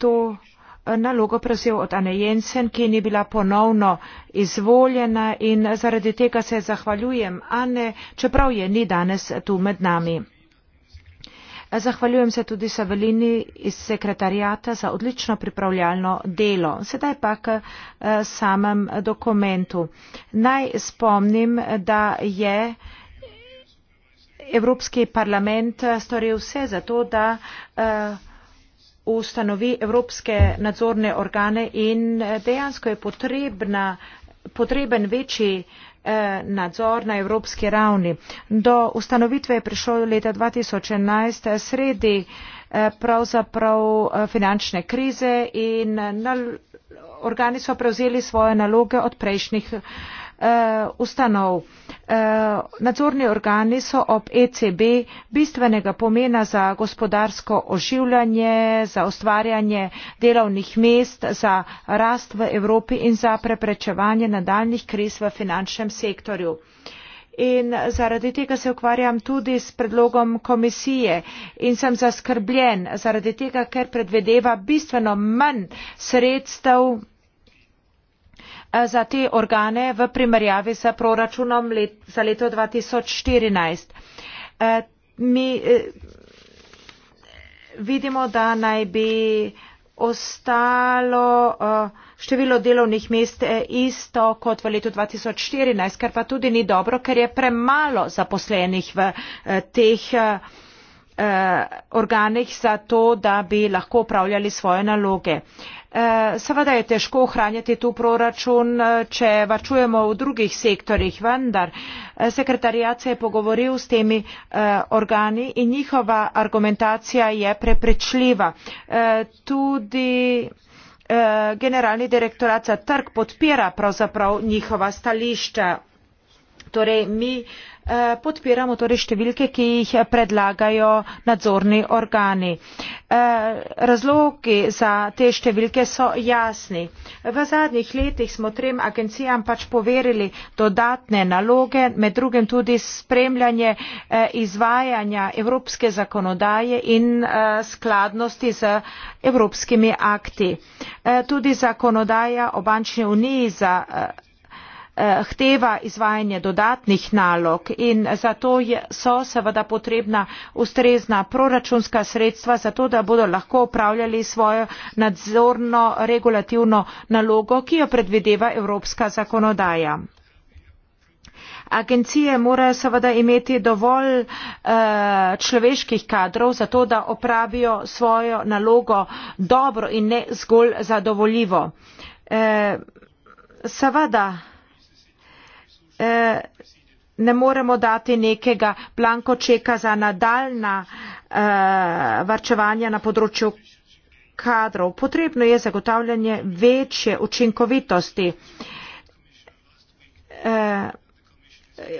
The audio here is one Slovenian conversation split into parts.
to eh, nalogo prevzel od Ane Jensen, ki ni bila ponovno izvoljena in zaradi tega se zahvaljujem Ane, čeprav je ni danes tu med nami. Zahvaljujem se tudi Savelini iz sekretarijata za odlično pripravljalno delo. Sedaj pa k eh, samem dokumentu. Naj spomnim, da je Evropski parlament eh, storil vse za to, da uh, ustanovi evropske nadzorne organe in eh, dejansko je potrebna, potreben večji eh, nadzor na evropski ravni. Do ustanovitve je prišlo leta 2011 eh, sredi pravzaprav finančne krize in organi so prevzeli svoje naloge od prejšnjih Eh, ustanov. Eh, nadzorni organi so ob ECB bistvenega pomena za gospodarsko oživljanje, za ustvarjanje delovnih mest, za rast v Evropi in za preprečevanje nadaljnih kriz v finančnem sektorju. In zaradi tega se ukvarjam tudi s predlogom komisije in sem zaskrbljen zaradi tega, ker predvedeva bistveno manj sredstev Eh, za te organe v primerjavi s proračunom let, za leto 2014. Eh, mi eh, vidimo, da naj bi ostalo število delovnih mest isto kot v letu 2014, kar pa tudi ni dobro, ker je premalo zaposlenih v teh organih za to, da bi lahko upravljali svoje naloge. Seveda je težko ohranjati tu proračun, če vačujemo v drugih sektorjih, vendar eh, sekretarijat se je pogovoril s temi eh, organi in njihova argumentacija je preprečljiva. Eh, tudi generalni direktorat za trg podpira pravzaprav njihova stališča Torej, mi eh, podpiramo torej številke, ki jih predlagajo nadzorni organi. Eh, razlogi za te številke so jasni. V zadnjih letih smo trem agencijam pač poverili dodatne naloge, med drugim tudi spremljanje eh, izvajanja evropske zakonodaje in eh, skladnosti z evropskimi akti. Eh, tudi zakonodaja o bančni uniji za. Eh, zahteva eh, izvajanje dodatnih nalog in zato so seveda potrebna ustrezna proračunska sredstva zato da bodo lahko opravljali svojo nadzorno regulativno nalogo ki jo predvideva evropska zakonodaja. Agencije morajo seveda imeti dovolj uh, človeških kadrov za to, da opravijo svojo nalogo dobro in ne zgolj zadovoljivo. Uh, seveda Eh, ne moremo dati nekega blanko čeka za nadaljna eh, varčevanja na področju kadrov. Potrebno je zagotavljanje večje učinkovitosti. Eh,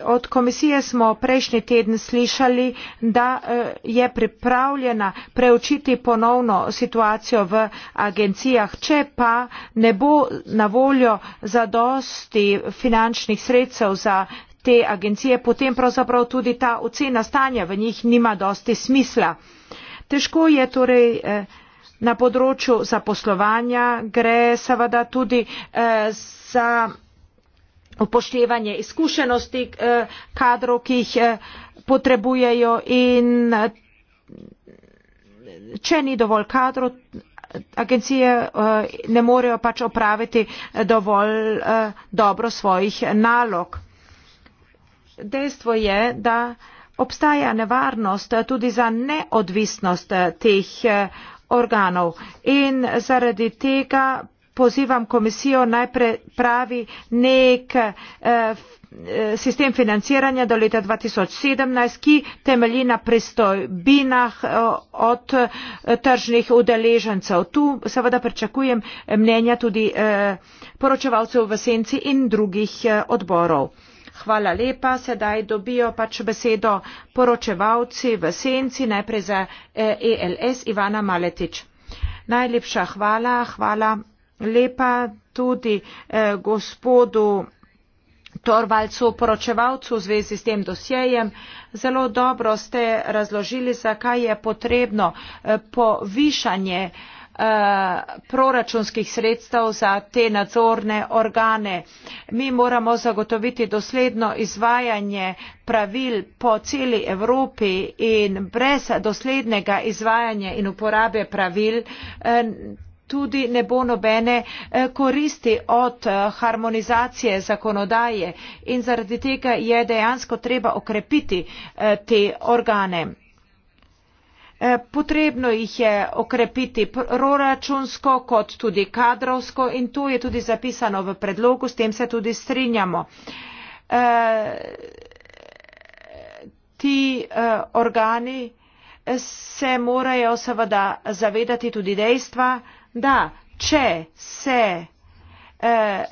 od komisije smo prejšnji teden slišali da eh, je pripravljena preučiti ponovno situacijo v agencijah če pa ne bo na voljo zadosti finančnih sredstev za te agencije potem pravzaprav tudi ta ocena stanja v njih nima dosti smisla. težko je torej eh, na področju zaposlovanja gre seveda tudi eh, za upoštevanje izkušenosti eh, kadrov, ki jih eh, potrebujejo in eh, če ni dovolj kadrov, agencije ne morejo pač opraviti dovolj dobro svojih nalog. Dejstvo je, da obstaja nevarnost tudi za neodvisnost teh organov in zaradi tega pozivam komisijo naj pripravi nek eh, eh, sistem financiranja do leta 2017, ki temelji na pristojbinah eh, od tržnih udeležencev. Tu seveda pričakujem mnenja tudi poročevalcev v senci in drugih odborov. Hvala lepa. Sedaj dobijo pač besedo poročevalci v senci, najprej za ELS e Ivana Maletič. Najlepša hvala, hvala lepa tudi eh, gospodu Torvalcu, poročevalcu v zvezi s tem dosjejem. Zelo dobro ste razložili, zakaj je potrebno eh, povišanje eh, proračunskih sredstev za te nadzorne organe. Mi moramo zagotoviti dosledno izvajanje pravil po celi Evropi in brez doslednega izvajanja in uporabe pravil eh, tudi ne bo nobene eh, koristi od eh, harmonizacije zakonodaje in zaradi tega je dejansko treba okrepiti eh, te organe. Potrebno jih je okrepiti proračunsko kot tudi kadrovsko in to je tudi zapisano v predlogu, s tem se tudi strinjamo. Ti organi se morajo seveda zavedati tudi dejstva, da če se eh,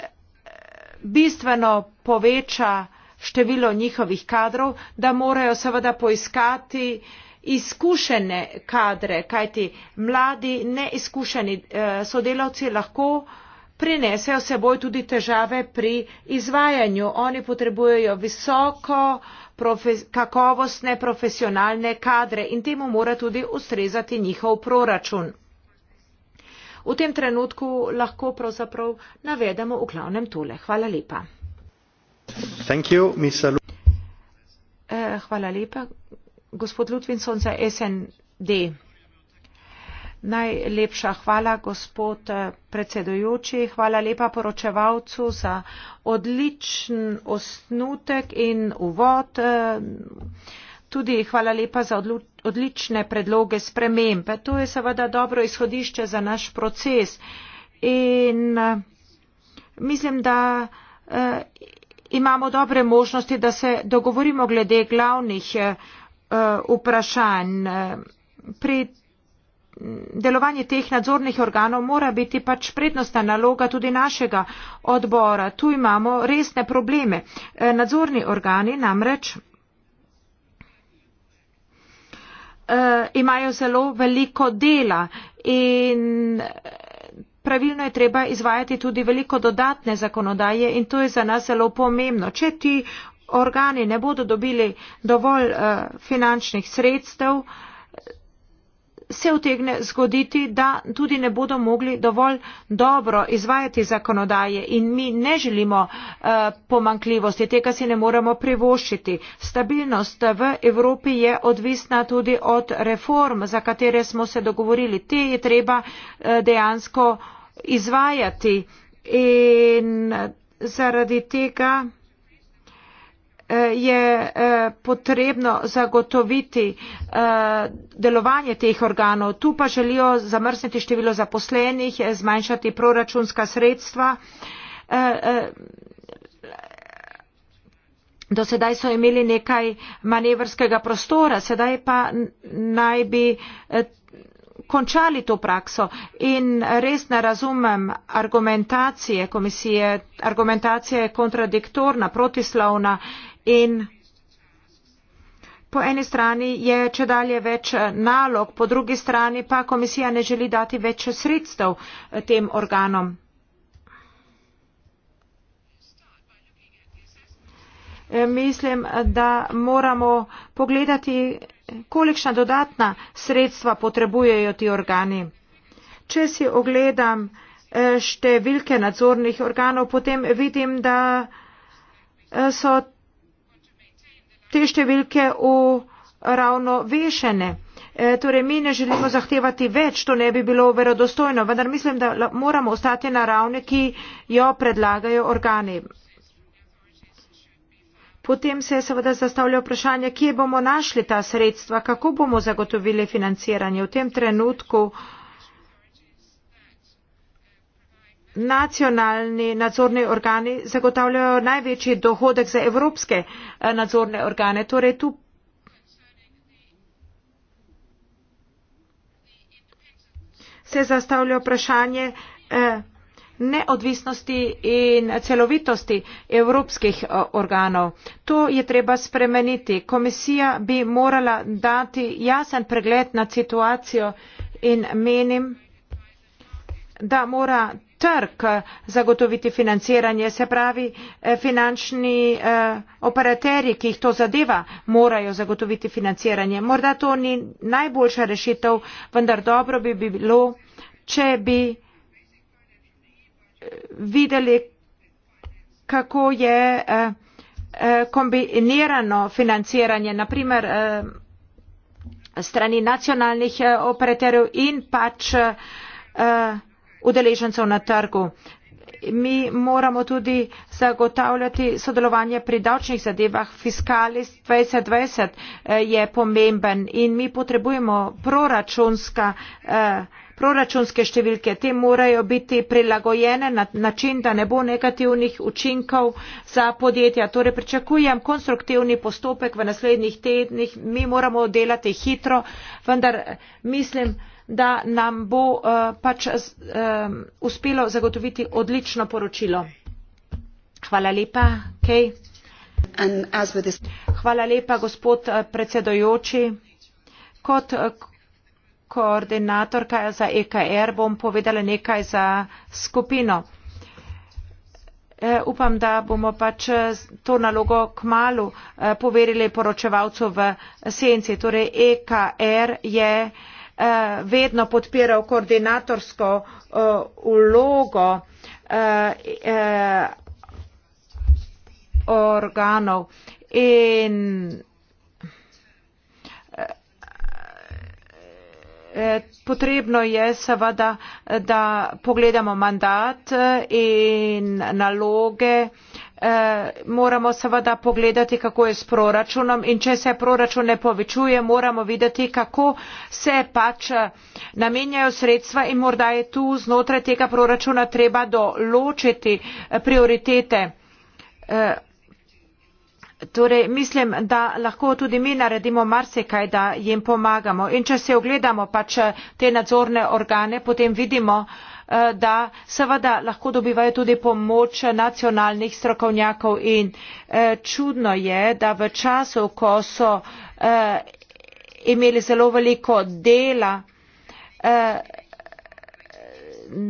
bistveno poveča število njihovih kadrov, da morajo seveda poiskati izkušene kadre, kajti mladi neizkušeni eh, sodelavci lahko prinesejo seboj tudi težave pri izvajanju. Oni potrebujejo visoko profes kakovostne profesionalne kadre in temu mora tudi ustrezati njihov proračun v tem trenutku lahko pravzaprav navedemo v glavnem tole. Hvala lepa. You, uh, hvala lepa, gospod Lutvinson za SND. Najlepša hvala, gospod eh, predsedujoči. Hvala lepa poročevalcu za odličen osnutek in uvod. Uh, tudi hvala lepa za odlične predloge spremembe. To je seveda dobro izhodišče za naš proces in eh, mislim, da eh, imamo dobre možnosti, da se dogovorimo glede glavnih eh, vprašanj. Pri delovanju teh nadzornih organov mora biti pač prednostna naloga tudi našega odbora. Tu imamo resne probleme. Nadzorni organi namreč Eh, imajo zelo veliko dela in eh, pravilno je treba izvajati tudi veliko dodatne zakonodaje in to je za nas zelo pomembno. Če ti organi ne bodo dobili dovolj eh, finančnih sredstev, se utegne zgoditi da tudi ne bodo mogli dovolj dobro izvajati zakonodaje in mi ne želimo eh, pomanjkljivosti tega si ne moremo privoščiti. stabilnost v evropi je odvisna tudi od reform za katere smo se dogovorili te je treba eh, dejansko izvajati in eh, zaradi tega je eh, potrebno zagotoviti eh, delovanje teh organov. Tu pa želijo zamrzniti število zaposlenih, eh, zmanjšati proračunska sredstva. Do sedaj so imeli nekaj manevrskega prostora, sedaj pa naj bi končali to prakso in res ne razumem argumentacije komisije. Argumentacija je kontradiktorna, protislovna In po eni strani je če dalje več eh, nalog, po drugi strani pa komisija ne želi dati več sredstev eh, tem organom. Eh, mislim, da moramo pogledati, kolikšna dodatna sredstva potrebujejo ti organi. Če si ogledam številke nadzornih organov, potem vidim, da so te številke uravnovešene. E, torej, mi ne želimo zahtevati več, to ne bi bilo verodostojno, vendar mislim, da moramo ostati na ravni, ki jo predlagajo organi. Potem se je seveda zastavlja vprašanje, kje bomo našli ta sredstva, kako bomo zagotovili financiranje. V tem trenutku uh, nacionalni nadzorni organi zagotavljajo največji dohodek za evropske eh, nadzorne organe. Torej tu se zastavlja vprašanje eh, neodvisnosti in celovitosti evropskih eh, organov. To je treba spremeniti. Komisija bi morala dati jasen pregled na situacijo in menim, da mora trg zagotoviti financiranje se pravi eh, finančni eh, operaterji ki jih to zadeva morajo zagotoviti financiranje morda to ni najboljša rešitev vendar dobro bi bilo če bi eh, videli kako je kombinirano financiranje naprimer strani nacionalnih operaterjev in pač udeležencev na trgu. Mi moramo tudi zagotavljati sodelovanje pri davčnih zadevah. Fiskalist 2020 eh, je pomemben in mi potrebujemo proračunska, eh, proračunske številke. Te morajo biti prilagojene na način, da ne bo negativnih učinkov za podjetja. Torej pričakujem konstruktivni postopek v naslednjih tednih. Mi moramo delati hitro, vendar eh, mislim, da nam bo eh, pač eh, uspelo zagotoviti odlično poročilo. Hvala lepa, Kej. Hvala lepa, gospod eh, predsedojoči. Kot koordinatorka za EKR bom povedala nekaj za skupino. Upam, da bomo pač to nalogo k malu poverili poročevalcu v senci. Torej EKR je Eh, vedno podpiral koordinatorsko eh, vlogo eh, organov in Potrebno je seveda, da pogledamo mandat in naloge Eh, moramo seveda pogledati, kako je s proračunom in če se proračun ne povečuje, moramo videti, kako se pač eh, namenjajo sredstva in morda je tu znotraj tega proračuna treba določiti eh, prioritete. Torej, mislim, da lahko tudi mi naredimo marsikaj, da jim pomagamo. In če se ogledamo pač te nadzorne organe, potem vidimo, Eh, da seveda lahko dobivajo tudi pomoč nacionalnih strokovnjakov in eh, čudno je da v času ko so eh, imeli zelo veliko dela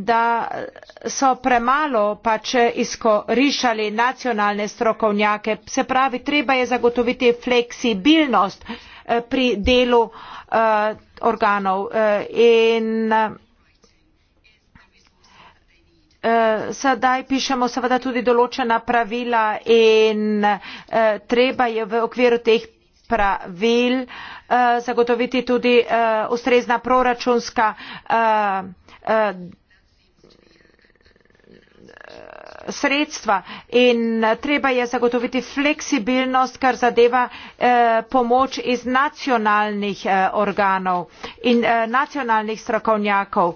da so premalo pač izkorišali nacionalne strokovnjake. Se pravi, treba je zagotoviti fleksibilnost pri delu organov in Eh, sedaj pišemo seveda tudi določena pravila in eh, treba je v okviru teh pravil eh, zagotoviti tudi ustrezna proračunska sredstva in treba je zagotoviti fleksibilnost kar zadeva eh, pomoč iz nacionalnih eh, organov in eh, nacionalnih strokovnjakov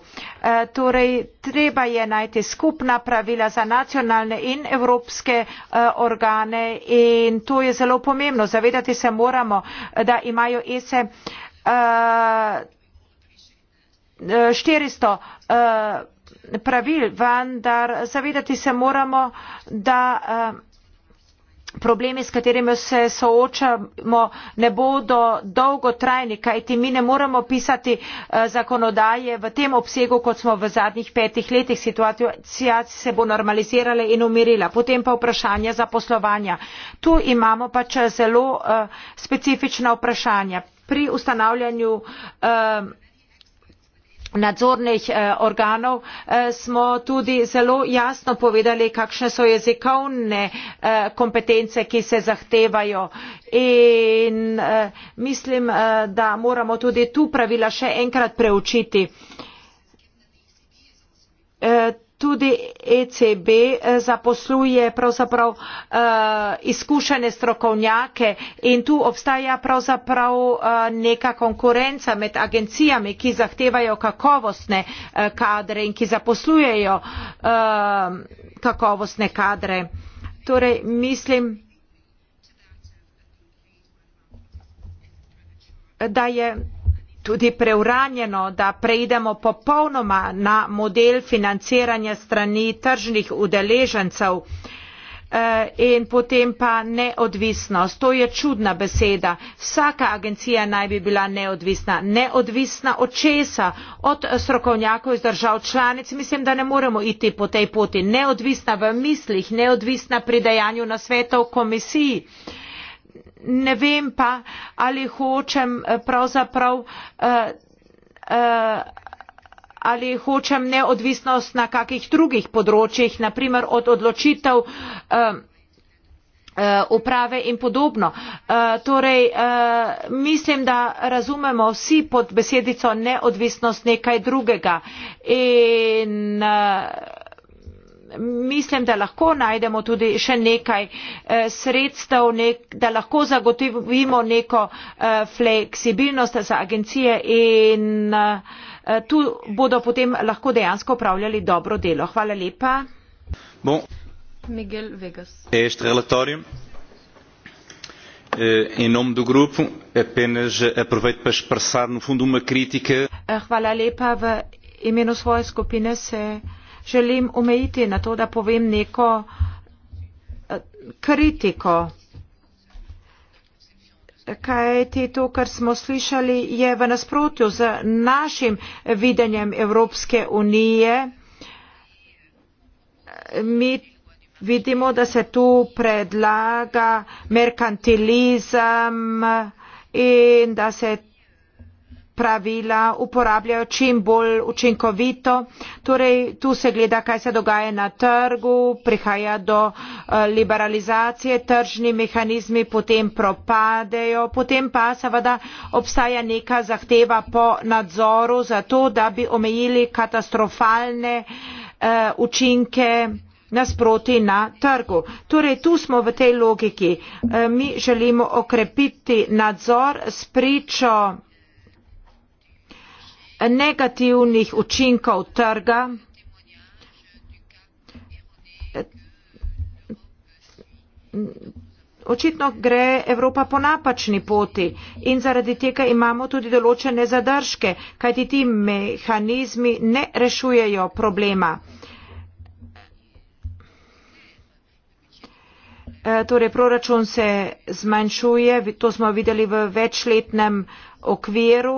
torej treba je najti skupna pravila za nacionalne in evropske organe in to je zelo pomembno zavedati se moramo da imajo ese štiristo uh, pravil, vendar zavedati se moramo, da eh, problemi, s katerimi se soočamo, ne bodo dolgotrajni, kajti mi ne moremo pisati eh, zakonodaje v tem obsegu, kot smo v zadnjih petih letih. Situacija se bo normalizirala in umirila. Potem pa vprašanja za poslovanja. Tu imamo pač eh, zelo specifična vprašanja. Pri ustanavljanju uh, nadzornih eh, organov eh, smo tudi zelo jasno povedali, kakšne so jezikovne eh, kompetence, ki se zahtevajo. In mislim, da moramo tudi tu pravila še enkrat preučiti tudi ECB eh, zaposluje pravzaprav uh, izkušene strokovnjake in tu obstaja pravzaprav uh, neka konkurenca med agencijami, ki zahtevajo kakovostne uh, kadre in ki zaposlujejo uh, kakovostne kadre. Torej, mislim, da je tudi preuranjeno, da preidemo popolnoma na model financiranja strani tržnih udeležencev eh, in potem pa neodvisnost. To je čudna beseda. Vsaka agencija naj bi bila neodvisna. Neodvisna od česa? Od strokovnjakov iz držav članic? Mislim, da ne moremo iti po tej poti. Neodvisna v mislih, neodvisna pri dejanju na svetov komisiji. Uh, ne vem pa, ali hočem eh, pravzaprav, eh, eh, ali hočem neodvisnost na kakih drugih področjih, naprimer od odločitev uprave in podobno. Torej, mislim, da razumemo vsi pod besedico neodvisnost nekaj drugega. In, mislim da lahko najdemo tudi še nekaj eh, sredstev da lahko zagotovimo neko eh, fleksibilnost za agencije in eh, tu bodo potem lahko dejansko upravljali dobro delo. Hvala lepa. Bon. Miguel Vegas. Este relatório, em nome do grupo, apenas aproveito para expressar, no fundo, uma crítica. Hvala lepa. V imenu svoje skupine se želim omejiti na to, da povem neko eh, kritiko. Kaj ti to, kar smo slišali, je v nasprotju z našim videnjem Evropske unije. Mi vidimo, da se tu predlaga merkantilizem in da se pravila uporabljajo čim bolj učinkovito. Torej, tu se gleda, kaj se dogaja na trgu, prihaja do eh, liberalizacije, tržni mehanizmi potem propadejo, potem pa seveda obstaja neka zahteva po nadzoru za to, da bi omejili katastrofalne eh, učinke nasproti na trgu. Torej, tu smo v tej logiki. Eh, mi želimo okrepiti nadzor s pričo negativnih učinkov trga, očitno gre Evropa po napačni poti in zaradi tega imamo tudi določene zadržke, kajti ti mehanizmi ne rešujejo problema. E, torej, proračun se zmanjšuje, to smo videli v večletnem okviru,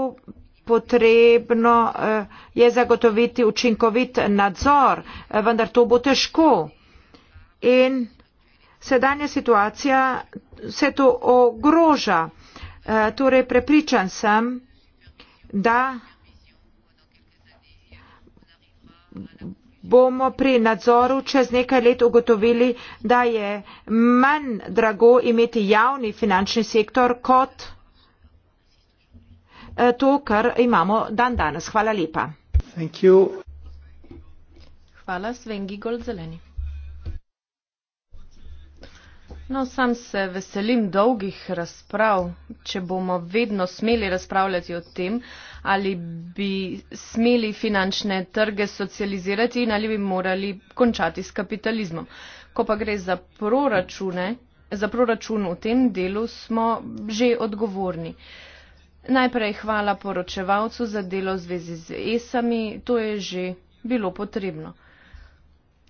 potrebno eh, je zagotoviti učinkovit nadzor, eh, vendar to bo težko. In sedanja situacija se to ogroža. Eh, torej prepričan sem, da bomo pri nadzoru čez nekaj let ugotovili, da je manj drago imeti javni finančni sektor kot Eh, to, kar imamo dan danes. Hvala lepa. Hvala, Svengi Goldzeleni. No, sam se veselim dolgih razprav, če bomo vedno smeli razpravljati o tem, ali bi smeli finančne trge socializirati in ali bi morali končati s kapitalizmom. Ko pa gre za proračune, za proračun v tem delu smo že odgovorni. Uh, Najprej hvala poročevalcu za delo v zvezi z esami, to je že bilo potrebno.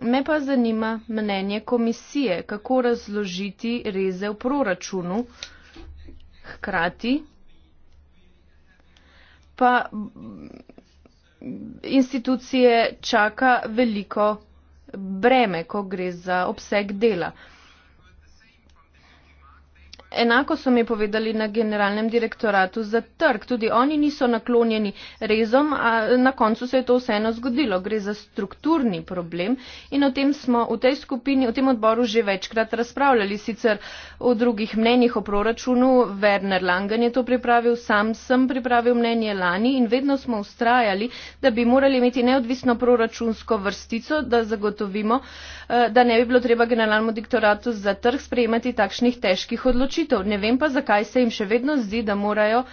Me pa zanima mnenje komisije, kako razložiti reze v proračunu. Hkrati pa institucije čaka veliko breme, ko gre za obseg dela. Enako so mi povedali na generalnem direktoratu za trg. Tudi oni niso naklonjeni rezom, a na koncu se je to vseeno zgodilo. Gre za strukturni problem in o tem smo v tej skupini, v tem odboru že večkrat razpravljali. Sicer o drugih mnenjih o proračunu, Werner Langen je to pripravil, sam sem pripravil mnenje lani in vedno smo ustrajali, da bi morali imeti neodvisno proračunsko vrstico, da zagotovimo, eh, da ne bi bilo treba generalnemu direktoratu za trg sprejemati takšnih težkih odločitev odločitev. Ne vem pa, zakaj se jim še vedno zdi, da morajo uh,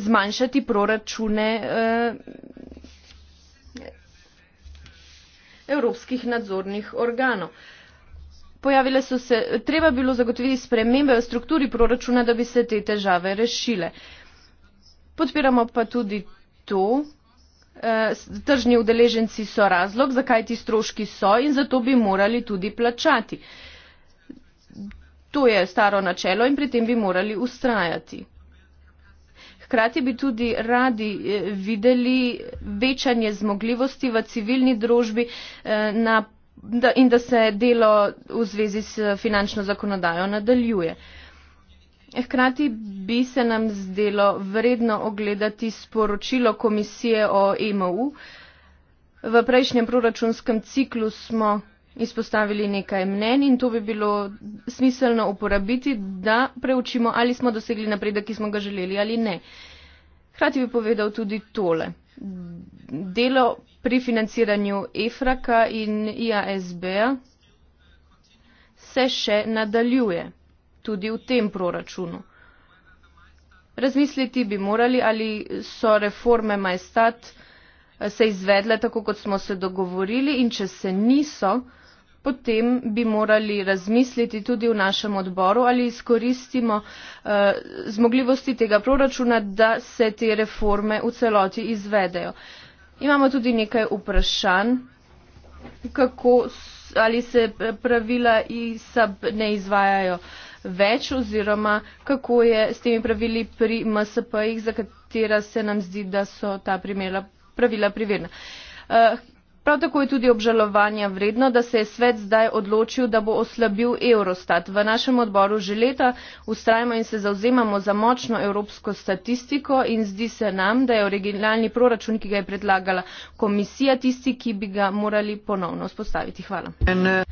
zmanjšati proračune uh, evropskih nadzornih organov. Pojavile so se, treba bilo zagotoviti spremembe v strukturi proračuna, da bi se te težave rešile. Podpiramo pa tudi to, eh, tržni udeleženci so razlog, zakaj ti stroški so in zato bi morali tudi plačati. To je staro načelo in pri tem bi morali ustrajati. Hkrati bi tudi radi eh, videli večanje zmogljivosti v civilni družbi eh, na, da, in da se delo v zvezi s finančno zakonodajo nadaljuje. Hkrati bi se nam zdelo vredno ogledati sporočilo komisije o EMU. V prejšnjem proračunskem ciklu smo izpostavili nekaj mnen in to bi bilo smiselno uporabiti, da preučimo, ali smo dosegli napredek, ki smo ga želeli ali ne. Hrati bi povedal tudi tole. Delo pri financiranju EFRAKA in IASB-a se še nadaljuje tudi v tem proračunu. Razmisliti bi morali, ali so reforme majstat eh, se izvedle tako, kot smo se dogovorili in če se niso, potem bi morali razmisliti tudi v našem odboru, ali izkoristimo eh, zmogljivosti tega proračuna, da se te reforme v celoti izvedejo. Imamo tudi nekaj vprašanj, kako ali se eh, pravila ISAB ne izvajajo več oziroma kako je s temi pravili pri MSP-jih, za katera se nam zdi, da so ta primera, pravila primerna. Eh, Prav tako je tudi obžalovanja vredno, da se je svet zdaj odločil, da bo oslabil Eurostat. V našem odboru že leta ustrajamo in se zauzemamo za močno evropsko statistiko in zdi se nam, da je originalni proračun, ki ga je predlagala komisija, tisti, ki bi ga morali ponovno vzpostaviti. Hvala. Eh,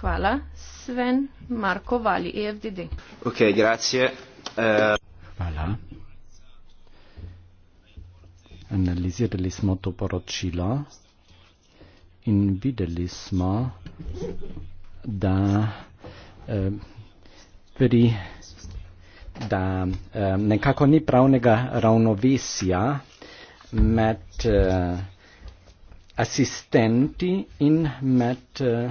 Hvala. Sven Marko Vali, EFDD. Ok, grazie. Uh... Hvala. Analizirali smo to poročilo in videli smo, da eh, pri da eh, nekako ni pravnega ravnovesja med eh, asistenti in med eh,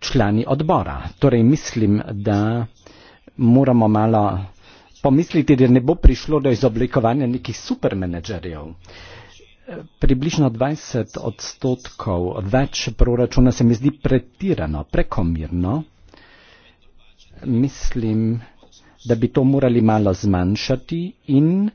člani odbora. Torej mislim, da moramo malo pomisliti, da ne bo prišlo do izoblikovanja nekih supermenedžerjev. Eh, približno dvajset odstotkov odveč proračuna se mi zdi pretirano, prekomirno. Mislim, da bi to morali malo zmanjšati in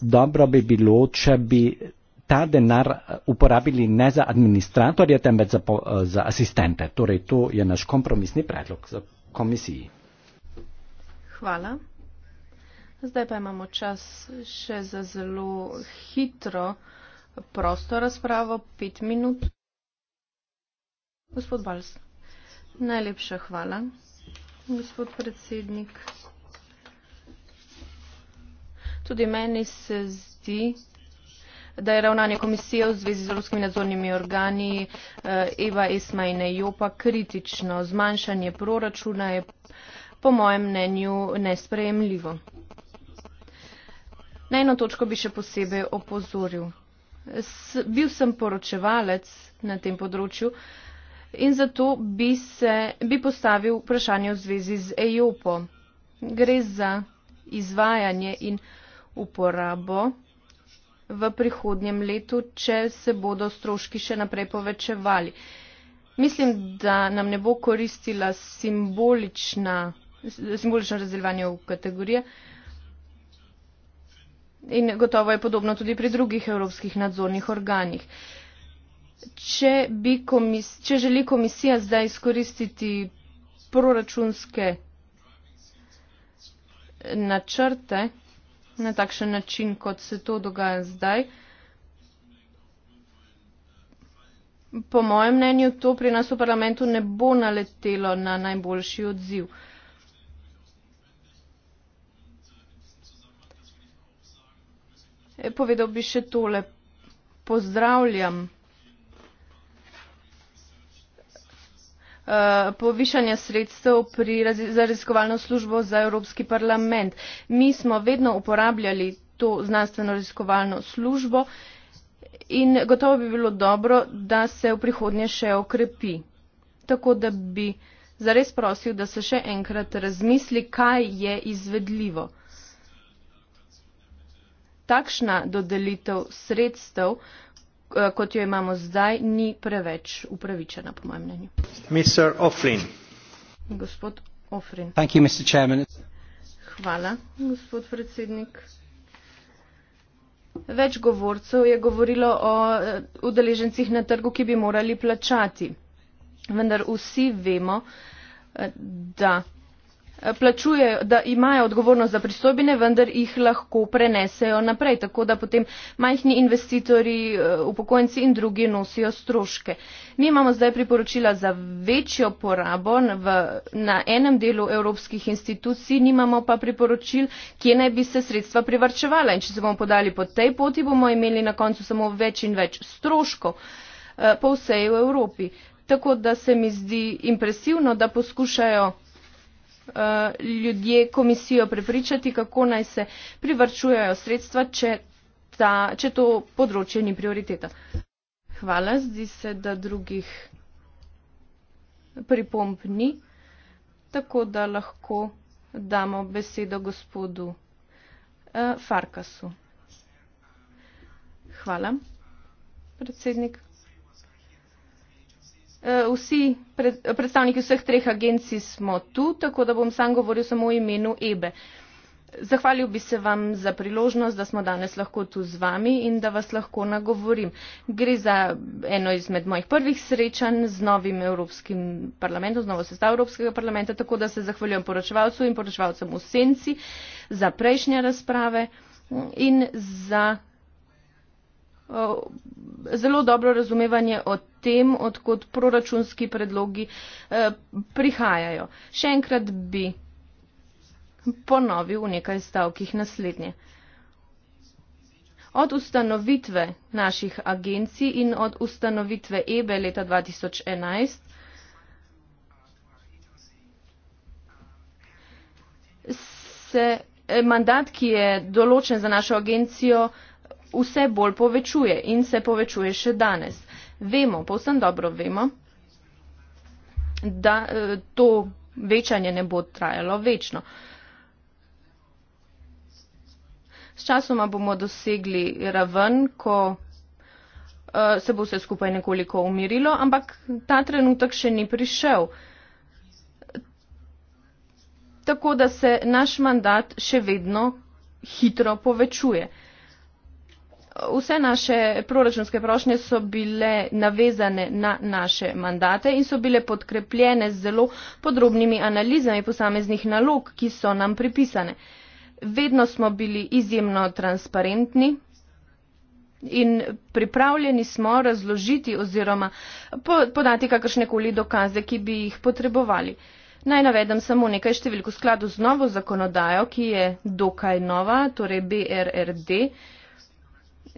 dobro bi bilo, če bi ta denar uporabili ne za administratorje, temveč za, za asistente. Torej, to je naš kompromisni predlog za komisiji. Hvala. Zdaj pa imamo čas še za zelo hitro prosto razpravo, pet minut. Gospod Bals, najlepša hvala, gospod predsednik. Tudi meni se zdi, da je ravnanje komisije v zvezi z ruskimi nadzornimi organi eh, Eva Esma in Jopa kritično. Zmanjšanje proračuna je po mojem mnenju nesprejemljivo. Na eno točko bi še posebej opozoril. S, bil sem poročevalec na tem področju in zato bi, se, bi postavil vprašanje v zvezi z EJOPO. Gre za izvajanje in uporabo v prihodnjem letu, če se bodo stroški še naprej povečevali. Mislim, da nam ne bo koristila simbolična, simbolično razdeljevanje v kategorije, In gotovo je podobno tudi pri drugih evropskih nadzornih organih. Če, bi komis, če želi komisija zdaj izkoristiti proračunske načrte na takšen način, kot se to dogaja zdaj, po mojem mnenju to pri nas v parlamentu ne bo naletelo na najboljši odziv. Povedal bi še tole. Pozdravljam eh, povišanje sredstev pri, za raziskovalno službo za Evropski parlament. Mi smo vedno uporabljali to znanstveno raziskovalno službo in gotovo bi bilo dobro, da se v prihodnje še okrepi. Tako da bi zares prosil, da se še enkrat razmisli, kaj je izvedljivo takšna dodelitev sredstev, eh, kot jo imamo zdaj, ni preveč upravičena, po mojem mnenju. Gospod Ofrin. Thank you, Mr. Chairman. Hvala, gospod predsednik. Več govorcev je govorilo o eh, udeležencih na trgu, ki bi morali plačati. Vendar vsi vemo, eh, da plačujejo da imajo odgovornost za pristojbine vendar jih lahko prenesejo naprej tako da potem majhni investitorji eh, upokojenci in drugi nosijo stroške. mi imamo zdaj priporočila za večjo porabo v, na enem delu evropskih institucij nimamo pa priporočil kje naj bi se sredstva privarčevala in če se bomo podali po tej poti bomo imeli na koncu samo več in več stroškov eh, po vsej Evropi. Tako da se mi zdi impresivno, da poskušajo Eh, ljudje komisijo prepričati, kako naj se privrčujejo sredstva, če, ta, če to področje ni prioriteta. Hvala, zdi se, da drugih pripomb ni, tako da lahko damo besedo gospodu uh, Farkasu. Hvala, predsednik. Eh, vsi predstavniki vseh treh agencij smo tu, tako da bom sam govoril samo o imenu EBE. Zahvalil bi se vam za priložnost, da smo danes lahko tu z vami in da vas lahko nagovorim. Gre za eno izmed mojih prvih srečanj z novim Evropskim parlamentom, z novo sestavo Evropskega parlamenta, tako da se zahvaljujem poročevalcu in poročevalcem v senci za prejšnje razprave in za Eh, zelo dobro razumevanje o tem, odkot proračunski predlogi eh, prihajajo. Še enkrat bi ponovil v nekaj stavkih naslednje. Od ustanovitve naših agencij in od ustanovitve EBE e leta 2011 se eh, mandat, ki je določen za našo agencijo, vse bolj povečuje in se povečuje še danes. Vemo, povsem dobro vemo, da e, to večanje ne bo trajalo večno. S časoma bomo dosegli raven, ko e, se bo vse skupaj nekoliko umirilo, ampak ta trenutek še ni prišel. Tako da se naš mandat še vedno hitro povečuje vse naše proračunske prošnje so bile navezane na naše mandate in so bile podkrepljene z zelo podrobnimi analizami posameznih nalog, ki so nam pripisane. Vedno smo bili izjemno transparentni in pripravljeni smo razložiti oziroma podati kakršnekoli dokaze, ki bi jih potrebovali. Naj navedem samo nekaj številk v skladu z novo zakonodajo, ki je dokaj nova, torej BRRD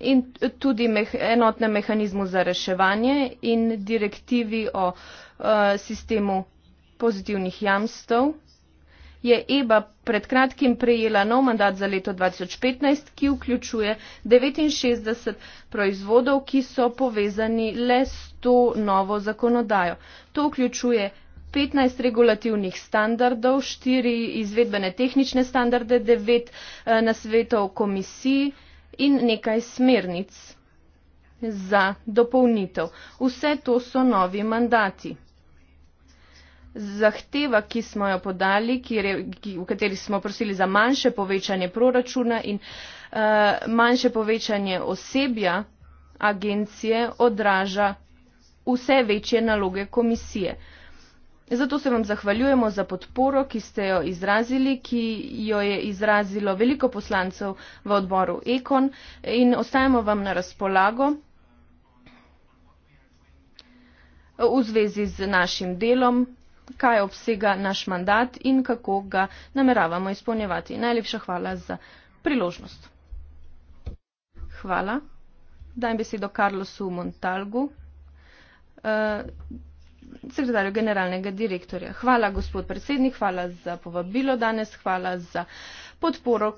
in tudi enotnem mehanizmu za reševanje in direktivi o eh, sistemu pozitivnih jamstev je EBA pred kratkim prejela nov mandat za leto 2015, ki vključuje 69 proizvodov, ki so povezani le s to novo zakonodajo. To vključuje 15 regulativnih standardov, 4 izvedbene tehnične standarde, 9 eh, nasvetov komisiji, in nekaj smernic za dopolnitev. Vse to so novi mandati. Zahteva, ki smo jo podali, je, ki, v kateri smo prosili za manjše povečanje proračuna in uh, manjše povečanje osebja agencije, odraža vse večje naloge komisije. Uh, Zato se vam zahvaljujemo za podporo, ki ste jo izrazili, ki jo je izrazilo veliko poslancev v odboru Ekon in ostajamo vam na razpolago v zvezi z našim delom, kaj obsega naš mandat in kako ga nameravamo izpolnjevati. Najlepša hvala za priložnost. Hvala. Dajem besedo Karlosu Montalgu. Uh, sekretarju generalnega direktorja. Hvala, gospod predsednik, hvala za povabilo danes, hvala za, podporo,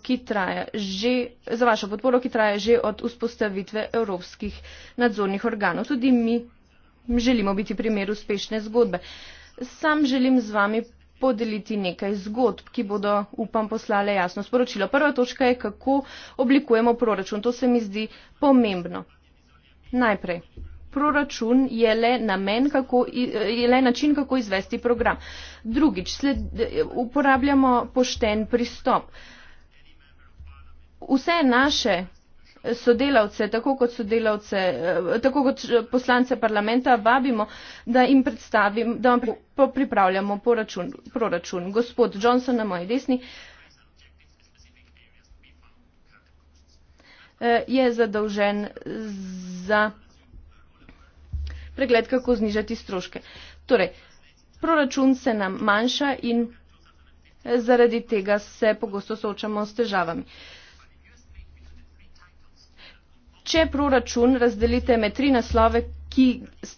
že, za vašo podporo, ki traja že od vzpostavitve evropskih nadzornih organov. Tudi mi želimo biti primer uspešne zgodbe. Sam želim z vami podeliti nekaj zgodb, ki bodo, upam, poslale jasno sporočilo. Prva točka je, kako oblikujemo proračun. To se mi zdi pomembno. Najprej proračun je le, namen, kako, je le način, kako izvesti program. Drugič, sled, uporabljamo pošten pristop. Vse naše sodelavce, tako kot, sodelavce, eh, tako kot poslance parlamenta, vabimo, da jim predstavimo, da vam pripravljamo poračun, proračun. Gospod Johnson na moji desni eh, je zadolžen za pregled, kako znižati stroške. Torej, proračun se nam manjša in eh, zaradi tega se pogosto soočamo s težavami. Če proračun razdelite med tri naslove, ki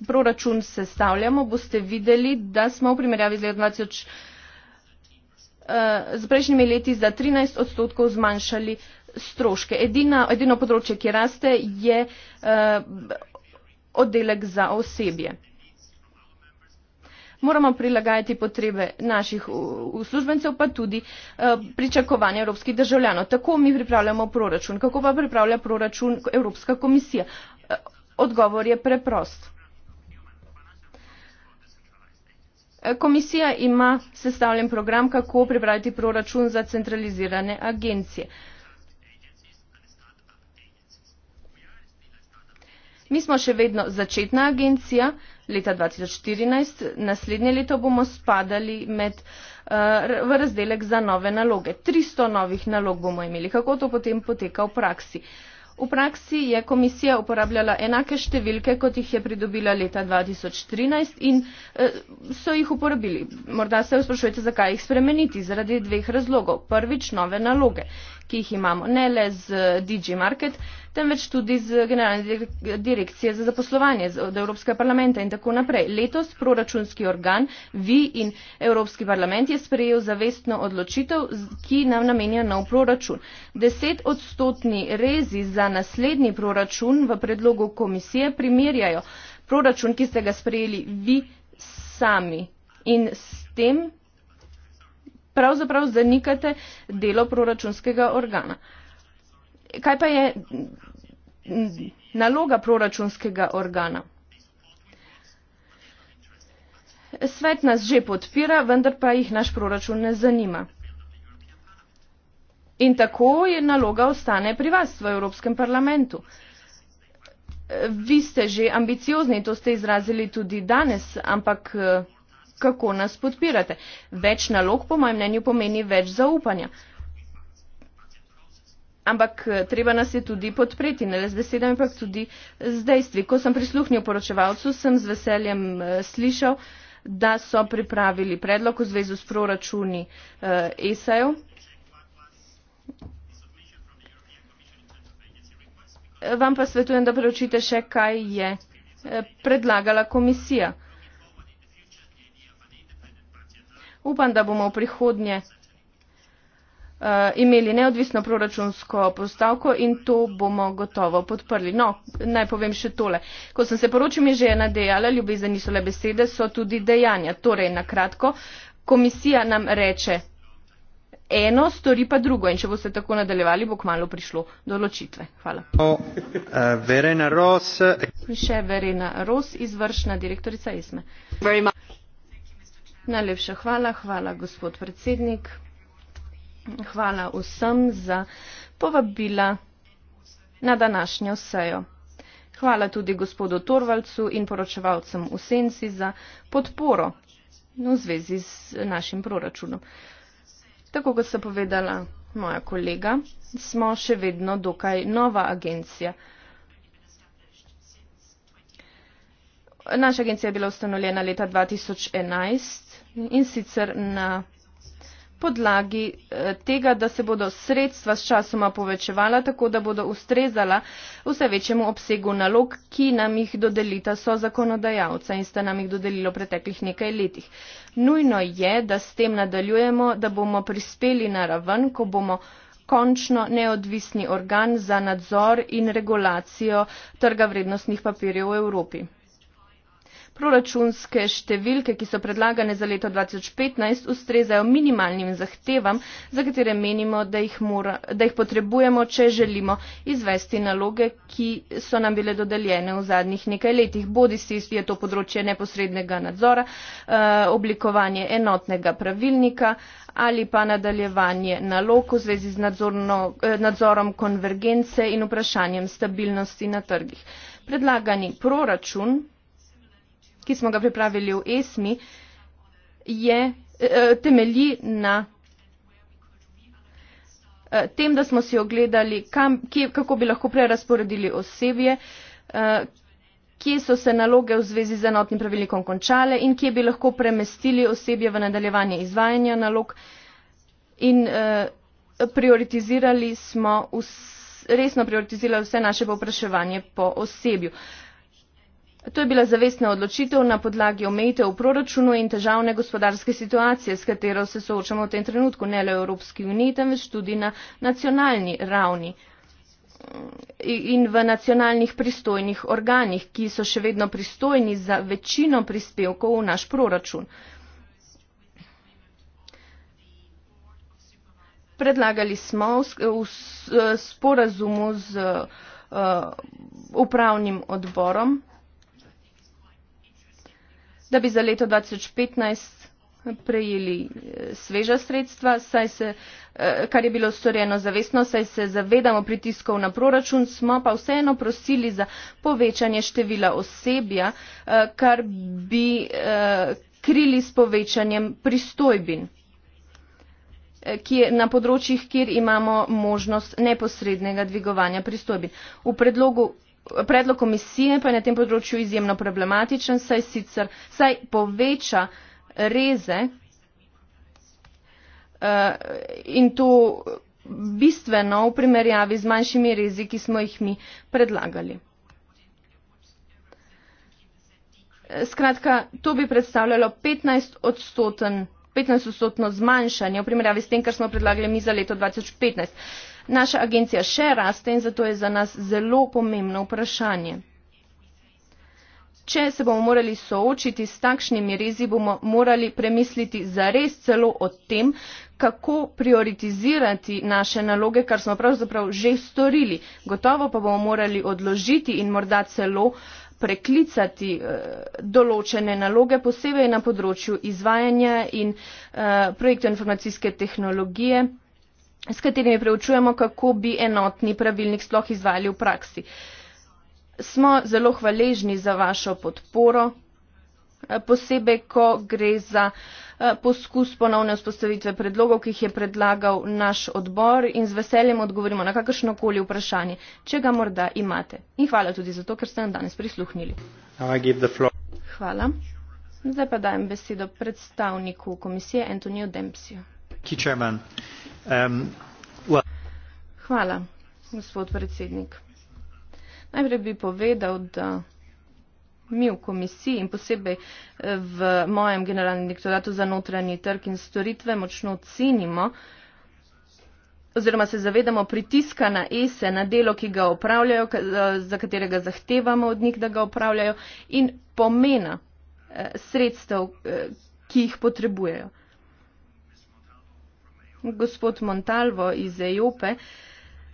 proračun sestavljamo, boste videli, da smo v primerjavi z letom 2000 eh, z prejšnjimi leti za 13 odstotkov zmanjšali stroške. Edina, edino področje, ki raste, je eh, oddelek za osebje. Moramo prilagajati potrebe naših uslužbencev, pa tudi uh, pričakovanja evropskih državljanov. Tako mi pripravljamo proračun. Kako pa pripravlja proračun Evropska komisija? Uh, odgovor je preprost. Eh, komisija ima sestavljen program, kako pripraviti proračun za centralizirane agencije. Uh, Mi smo še vedno začetna agencija, leta 2014, naslednje leto bomo spadali med, eh, v razdelek za nove naloge. 300 novih nalog bomo imeli. Kako to potem poteka v praksi? V praksi je komisija uporabljala enake številke, kot jih je pridobila leta 2013 in eh, so jih uporabili. Morda se sprašujete, zakaj jih spremeniti? Zaradi dveh razlogov. Prvič, nove naloge, ki jih imamo ne le z eh, DJ Market, temveč tudi z generalne direkcije za zaposlovanje, od Evropskega parlamenta in tako naprej. Letos proračunski organ, vi in Evropski parlament je sprejel zavestno odločitev, ki nam namenja nov proračun. Deset odstotni rezi za naslednji proračun v predlogu komisije primerjajo proračun, ki ste ga sprejeli vi sami in s tem pravzaprav zanikate delo proračunskega organa kaj pa je naloga proračunskega organa? Svet nas že podpira, vendar pa jih naš proračun ne zanima. In tako je naloga ostane pri vas v Evropskem parlamentu. Vi ste že ambiciozni, to ste izrazili tudi danes, ampak eh, kako nas podpirate? Več nalog, po mojem mnenju, pomeni več zaupanja. Ampak eh, treba nas je tudi podpreti, ne le z besedami, ampak tudi z dejstvi. Ko sem prisluhnil poročevalcu, sem z veseljem eh, slišal, da so pripravili predlog v zvezi s proračuni eh, ESA-jo. Vam pa svetujem, da preučite še, kaj je predlagala komisija. Upam, da bomo v prihodnje Eh, imeli neodvisno proračunsko postavko in to bomo gotovo podprli. No, naj povem še tole. Ko sem se poročil, mi že je nadejala, ljubezen niso le besede, so tudi dejanja. Torej, na kratko, komisija nam reče eno, stori pa drugo in če boste tako nadaljevali, bo kmalo prišlo do ločitve. Hvala. No, eh, Verena Ros. Še Verena Ros, izvršna direktorica ESME. Najlepša hvala, hvala gospod predsednik. Hvala vsem za povabila na današnjo sejo. Hvala tudi gospodu Torvalcu in poročevalcem v senci za podporo v zvezi z našim proračunom. Tako kot se povedala moja kolega, smo še vedno dokaj nova agencija. Naša agencija je bila ustanovljena leta 2011 in sicer na podlagi eh, tega, da se bodo sredstva s časoma povečevala, tako da bodo ustrezala vse večjemu obsegu nalog, ki nam jih dodelita so zakonodajalca in ste nam jih dodelili v preteklih nekaj letih. Nujno je, da s tem nadaljujemo, da bomo prispeli na raven, ko bomo končno neodvisni organ za nadzor in regulacijo trga vrednostnih papirjev v Evropi proračunske številke, ki so predlagane za leto 2015, ustrezajo minimalnim zahtevam, za katere menimo, da jih, mora, da jih potrebujemo, če želimo izvesti naloge, ki so nam bile dodeljene v zadnjih nekaj letih. Bodi si je to področje neposrednega nadzora, eh, oblikovanje enotnega pravilnika ali pa nadaljevanje nalog v zvezi z nadzorno, eh, nadzorom konvergence in vprašanjem stabilnosti na trgih. Predlagani proračun ki smo ga pripravili v ESMI, je, eh, eh, temelji na eh, tem, da smo si ogledali, kam, kje, kako bi lahko prerasporedili osebje, kje so se naloge v zvezi z enotnim pravilnikom končale in kje bi lahko premestili osebje v nadaljevanje izvajanja nalog. In prioritizirali smo, res smo prioritizirali vse naše povpraševanje po osebju. To je bila zavestna odločitev na podlagi omejitev v proračunu in težavne gospodarske situacije, s katero se soočamo v tem trenutku, ne le v Evropski uniji, temveč tudi na nacionalni ravni in v nacionalnih pristojnih organih, ki so še vedno pristojni za večino prispevkov v naš proračun. Predlagali smo v sporazumu z uh, upravnim odborom, da bi za leto 2015 prejeli eh, sveža sredstva, saj se, eh, kar je bilo storjeno zavestno, saj se zavedamo pritiskov na proračun, smo pa vseeno prosili za povečanje števila osebja, eh, kar bi krili s povečanjem pristojbin na področjih, kjer imamo možnost neposrednega dvigovanja pristojbin. V predlogu predlog komisije pa je na tem področju izjemno problematičen saj sicer saj poveča reze eh, in to bistveno v primerjavi z manjšimi rezi, ki smo jih mi predlagali. Eh, skratka, to bi predstavljalo 15-odstotno 15 zmanjšanje v primerjavi s tem, kar smo predlagali mi za leto 2015. Naša agencija še raste in zato je za nas zelo pomembno vprašanje. Če se bomo morali soočiti s takšnimi rezi, bomo morali premisliti zares celo o tem, kako prioritizirati naše naloge, kar smo pravzaprav že storili. Gotovo pa bomo morali odložiti in morda celo preklicati eh, določene naloge, posebej na področju izvajanja in eh, projektov informacijske tehnologije s katerimi preučujemo, kako bi enotni pravilnik sploh izvali v praksi. Smo zelo hvaležni za vašo podporo, eh, posebej, ko gre za eh, poskus ponovne vzpostavitve predlogov, ki jih je predlagal naš odbor in z veseljem odgovorimo na kakršnokoli vprašanje, če ga morda imate. In hvala tudi za to, ker ste nam danes prisluhnili. Hvala. Zdaj pa dajem besedo predstavniku komisije Antonijo Dempsiju. Um, Hvala, gospod predsednik. Najprej bi povedal, da mi v komisiji in posebej eh, v mojem generalnem direktoratu za notranji trg in storitve močno cenimo oziroma se zavedamo pritiska na ESE, na delo, ki ga opravljajo, eh, za katerega zahtevamo od njih, da ga opravljajo in pomena eh, sredstev, ki jih potrebujejo. Gospod Montalvo iz Ejope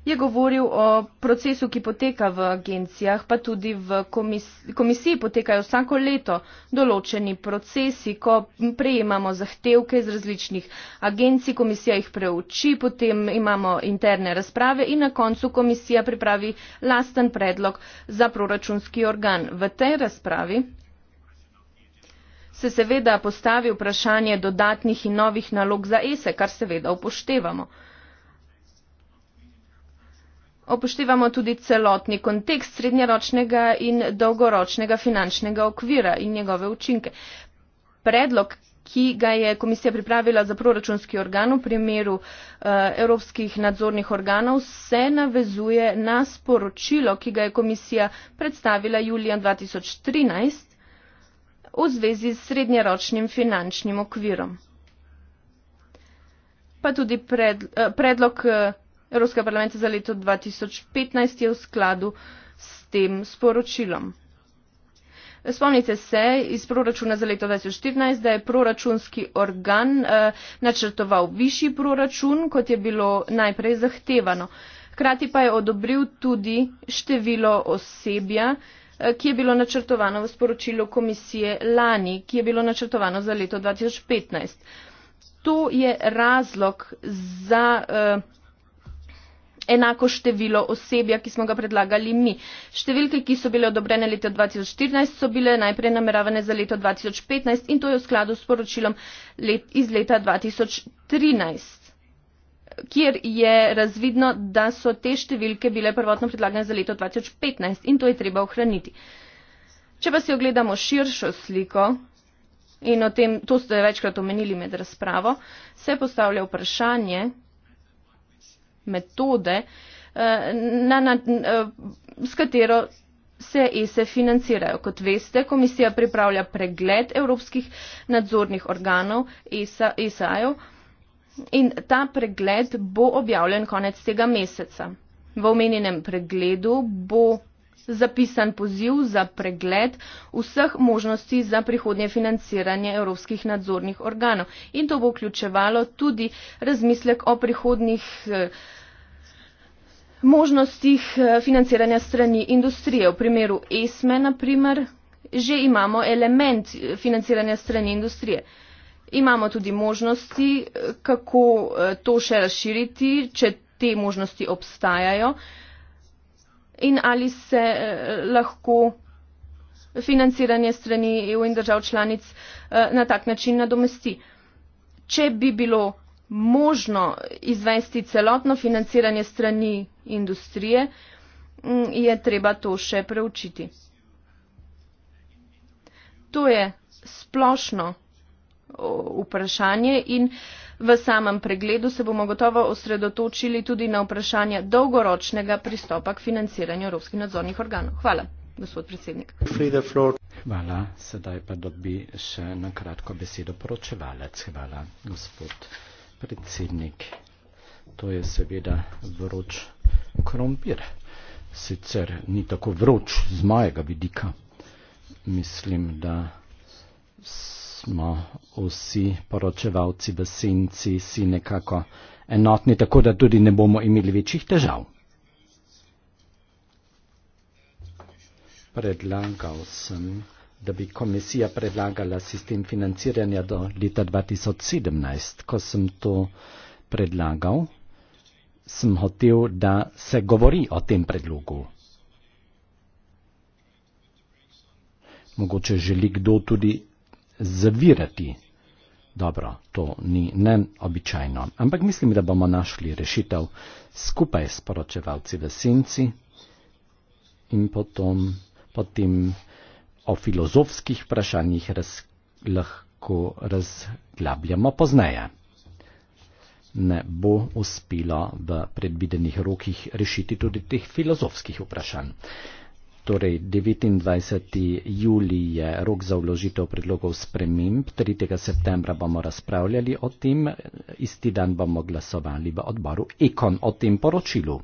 je govoril o procesu, ki poteka v agencijah, pa tudi v komis komisiji potekajo vsako leto določeni procesi, ko prejemamo zahtevke iz različnih agencij, komisija jih preuči, potem imamo interne razprave in na koncu komisija pripravi lasten predlog za proračunski organ. V tej razpravi se seveda postavi vprašanje dodatnih in novih nalog za ESE, kar seveda upoštevamo. Opoštevamo tudi celotni kontekst srednjeročnega in dolgoročnega finančnega okvira in njegove učinke. Predlog, ki ga je komisija pripravila za proračunski organ v primeru uh, evropskih nadzornih organov, se navezuje na sporočilo, ki ga je komisija predstavila julija 2013 v zvezi s srednjeročnim finančnim okvirom. Pa tudi pred, eh, predlog eh, Evropskega parlamenta za leto 2015 je v skladu s tem sporočilom. Spomnite se iz proračuna za leto 2014, da je proračunski organ eh, načrtoval višji proračun, kot je bilo najprej zahtevano. Hkrati pa je odobril tudi število osebja, Eh, ki je bilo načrtovano v sporočilu komisije lani, ki je bilo načrtovano za leto 2015. To je razlog za eh, enako število osebja, ki smo ga predlagali mi. Številke, ki so bile odobrene leta 2014, so bile najprej nameravane za leto 2015 in to je v skladu s poročilom let, iz leta 2013 kjer je razvidno, da so te številke bile prvotno predlagane za leto 2015 in to je treba ohraniti. Če pa si ogledamo širšo sliko in o tem, to ste večkrat omenili med razpravo, se postavlja vprašanje metode, eh, na, na, eh, s katero se ESE financirajo. Kot veste, komisija pripravlja pregled evropskih nadzornih organov ESA-jev. ESA in ta pregled bo objavljen konec tega meseca. V omenjenem pregledu bo zapisan poziv za pregled vseh možnosti za prihodnje financiranje evropskih nadzornih organov in to bo vključevalo tudi razmislek o prihodnih eh, možnostih eh, financiranja strani industrije. V primeru ESME, naprimer, že imamo element eh, financiranja strani industrije. Imamo tudi možnosti, eh, kako eh, to še razširiti, če te možnosti obstajajo in ali se eh, lahko financiranje strani EU in držav članic na tak način nadomesti. Če bi bilo možno izvesti celotno financiranje strani industrije, mm, je treba to še preučiti. To je splošno vprašanje in v samem pregledu se bomo gotovo osredotočili tudi na vprašanja dolgoročnega pristopa k financiranju evropskih nadzornih organov. Hvala, gospod predsednik. Hvala, sedaj pa dobi še na kratko besedo poročevalec. Hvala, gospod predsednik. To je seveda vroč krompir. Sicer ni tako vroč z mojega vidika. Mislim, da smo vsi poročevalci v senci si nekako enotni, tako da tudi ne bomo imeli večjih težav. Predlagal sem, da bi komisija predlagala sistem financiranja do leta 2017. Ko sem to predlagal, sem hotel, da se govori o tem predlogu. Mogoče želi kdo tudi zavirati. Dobro, to ni neobičajno, ampak mislim, da bomo našli rešitev skupaj s poročevalci v senci in potem, potem o filozofskih vprašanjih raz, lahko razglabljamo pozneje. Ne bo uspelo v predvidenih rokih rešiti tudi teh filozofskih vprašanj. Torej, 29. juli je rok za vložitev predlogov sprememb, 3. septembra bomo razpravljali o tem, isti dan bomo glasovali v odboru Ekon o tem poročilu.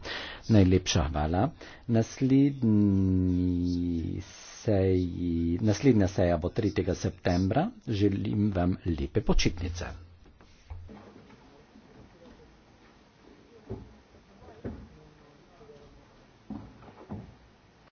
Najlepša hvala. Naslednji sej, naslednja seja bo 3. septembra. Želim vam lepe počitnice.